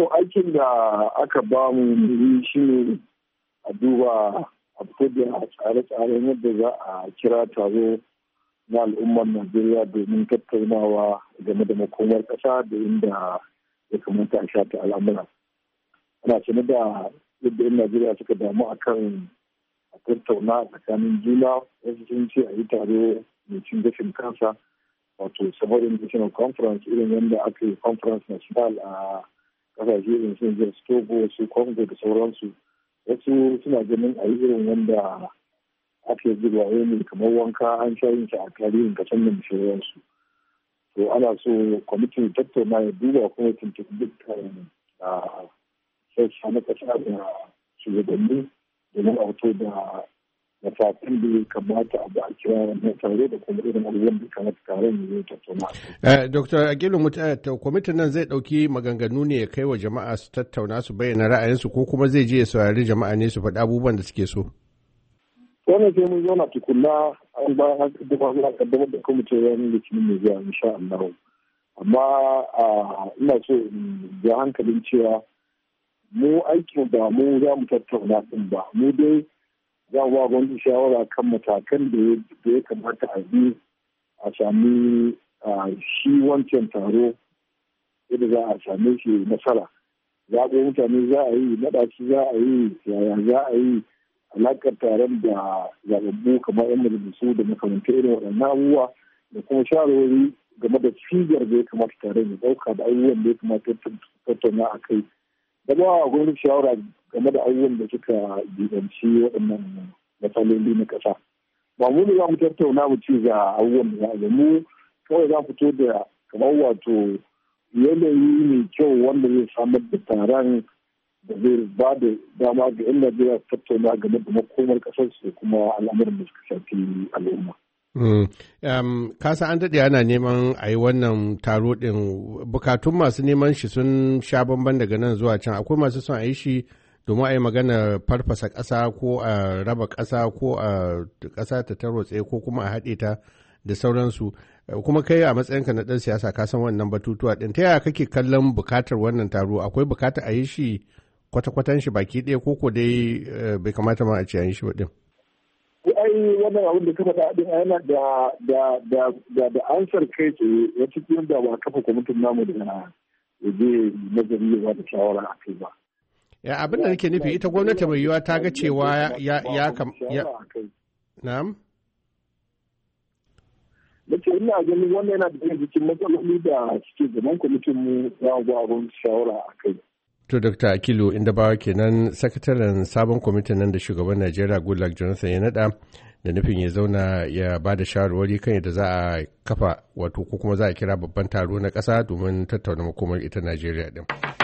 To aikin da aka ba mu shi ne a duba a fitar da tsare-tsaren yadda za a kira taro na al'ummar Najeriya domin tattaunawa game da makomar kasa da inda ya kamata a shata al'amura. Ana sanar da yadda 'yan Najeriya suka damu akan a tattauna tsakanin juna wasu sun ce a yi taro mai cin gashin kansa wato samarin National Conference irin yadda aka yi conference national a kasashe irin su Niger su Togo su Congo da sauransu wasu suna ganin a yi irin wanda ake zuba ne kamar wanka an sha yin shi a tarihin kasan da sauransu to ana so kwamitin tattauna ya duba kuma tuntuɓi dukkan sassa na kasa da shugabanni domin a da matakan da ya kamata a ba a kira wannan tare da kuma irin abubuwan da kamar taron ya tattauna. Eh, Dr. Agilu kwamitin nan zai ɗauki maganganu ne ya kai wa jama'a su tattauna su bayyana ra'ayinsu ko kuma zai je ya saurari jama'a ne su faɗi abubuwan da suke so. Wani sai mun zauna tukunna an ba an kaddama zuwa kaddamar da kwamitin ranar litinin mai zuwa insha Allah. Amma ina so in hankalin cewa mu aikin ba mu za mu tattauna ɗin ba mu dai za a ba gwamnati shawara kan matakan da ya kamata a bi a sami shi wancan taro yadda za a same shi nasara zaɓo mutane za a yi naɗa za a yi yaya za a yi alaƙar taron da zaɓaɓɓu kamar yan majalisu da makarantar irin waɗannan abubuwa da kuma shawarwari game da cigar da ya kamata taron ya ɗauka da abubuwan da ya kamata tattauna a kai da ba gwamnati shawara game da abubuwan da suka jibanci waɗannan matsaloli na ƙasa ba mu ne za mu tattauna mu ci ga abubuwan da za mu kawai za fito da kamar wato yanayi mai kyau wanda zai samar da taron da zai ba da dama ga yan Najeriya su tattauna game da makomar ƙasar su kuma al'amuran da suka shafi al'umma. Mm. Um, kasa an daɗe ana neman a yi wannan taro ɗin bukatun masu neman shi sun sha bamban daga nan zuwa can akwai masu son a yi shi domin a yi magana farfasa ƙasa ko a raba ƙasa ko a ƙasa ta tarotse ko kuma a haɗe ta da sauransu eh, kuma kai a matsayinka na ɗan siyasa ka san wannan batutuwa ɗin ta yaya kake kallon buƙatar wannan taro akwai buƙatar a yi shi kwata-kwatan shi baki ɗaya ko ko dai eh, bai kamata ma a ce yi shi ba ɗin. ai wannan abin da ka faɗa ɗin yana da da da da da ansar kai tsaye ya cikin da ba kafa kwamitin namu da na je nazari ya ba da shawara a kai ba. ya abin da nake nufi ita gwamnati mai yiwuwa ta ga cewa ya kam ya na'am mace ina ganin wannan yana da cikin matsaloli da suke zaman kwamitin mu ya gwagwon shawara a kai To Dr. Akilu bawa kenan sakataren sabon kwamitin nan da shugaban Najeriya Goodluck Jonathan ya nada da nufin ya zauna ya ba da shawarwari kan yadda za a kafa wato ko kuma za a kira babban taro na kasa domin tattauna makomar ita Najeriya din.